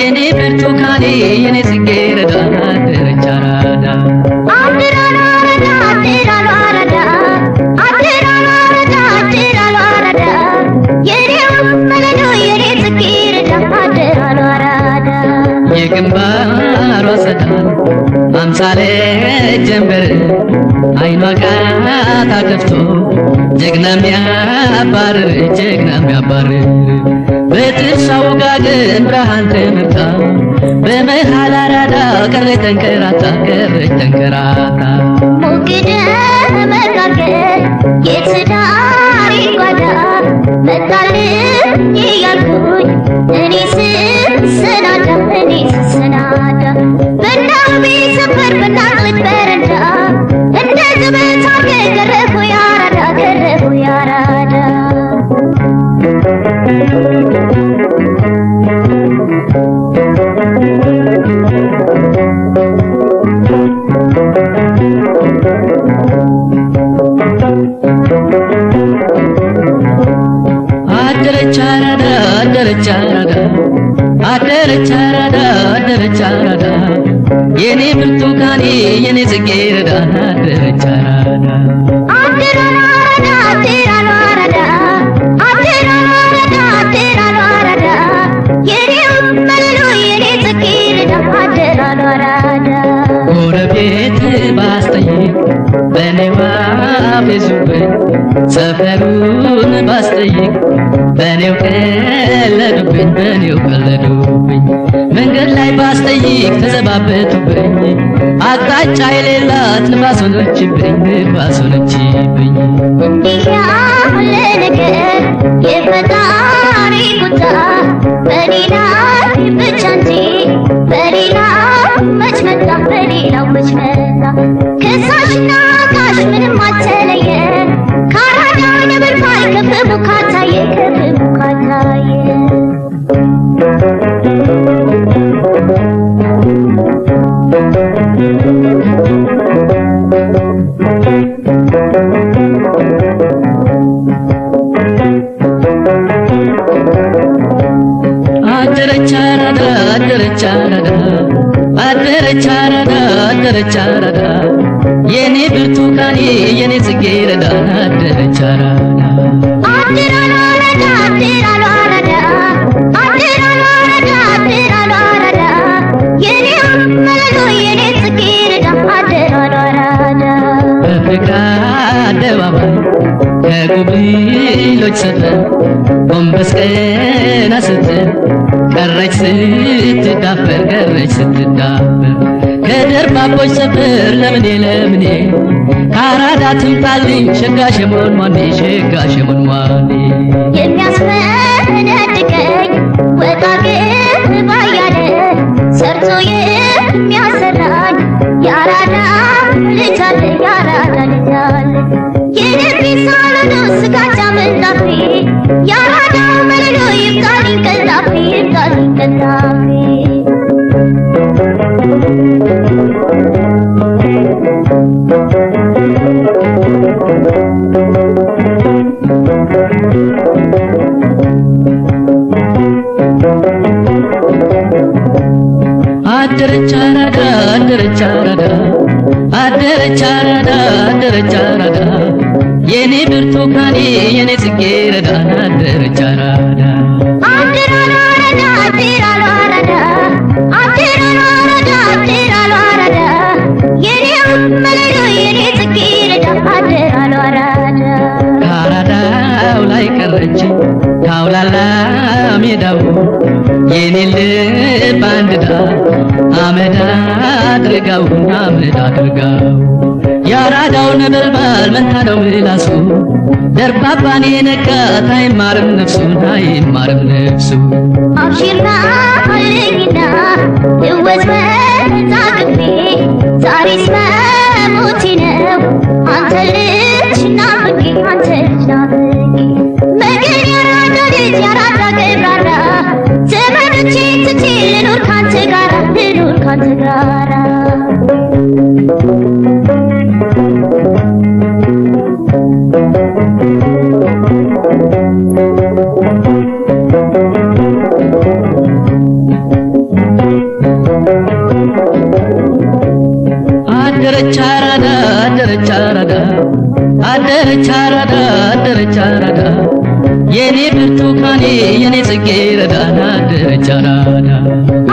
የኔ ብርቱካኔ የኔ ጽጌረዳ አደረች አራዳ የግንባሯ ሰዳን አምሳለ ጀንበር አይኗ ቃታ ከፍቶ ጀግና የሚያባርር ጀግና ሚያባርር በትርሳው ጋግን ብርሃን ተመታ በመሃል አራዳ ተንከራታ ተንከራታ ረዳ ረዳ የኔ ብርቱካኔ የኔ ጽጌ ረዳ ደረጃ ረዳ ጎረቤት ባስተይ ሰፈሩን ባስተይ በኔው ቀለዱብኝ በኔው ቀለዱብኝ መንገድ ላይ ባስጠይቅ ተዘባበቱብኝ አቅጣጫ የሌላት ንፋስ ሆነችብኝ ንፋስ ሆነችብኝ ሁሉ ነገር የፈጣሪ ቁጣ በኔ አደረች አራዳ የኔ ብርቱካን የኔ ጽጌ ጽጌረዳ አደረች አራዳ በፍቅር አደባባይ ከጉብሎች ሰፈር ጎንበስ ቀና ስትል ቀረች ስትዳፈር ቀረች ስትዳፈር ከደርባቦች ሰፈር ለምኔ ለምኔ ከአራዳ ትምጣልኝ ሸጋሸሞን ማኔ ሸጋሸሞን ማኔ አደረች አራዳ አደረች አራዳ አደረች አራዳ የኔ ብርቱካኔ የኔ ጽጌረዳ አደረች እጅ ታውላላ ሜዳው የኔ ልብ አንድዳ አመድ አድርጋው አመድ አድርጋው ያራዳው ነበልባል መንታ ነው ምላሱ ደርባባኔ ነቃት አይማርም ነፍሱ አይማርም ነፍሱ አብሽርና አይኝና አደረች ረዳ አደረች ረዳ የኔ ብርቱካኔ የኔ ጽጌረዳ አደረች አራዳ